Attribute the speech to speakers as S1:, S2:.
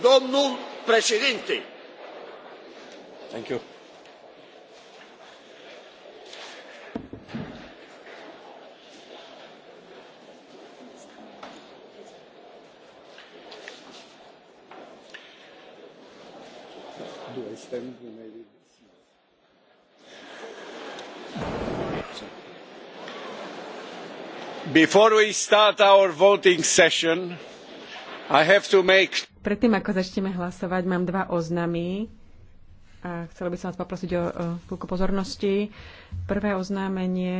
S1: domnul președinte.
S2: Before we start our voting session, I have to make
S3: Predtým, ako začneme hlasovať, mám dva oznamy. A chcela by som vás poprosiť o, o pozornosti. Prvé oznámenie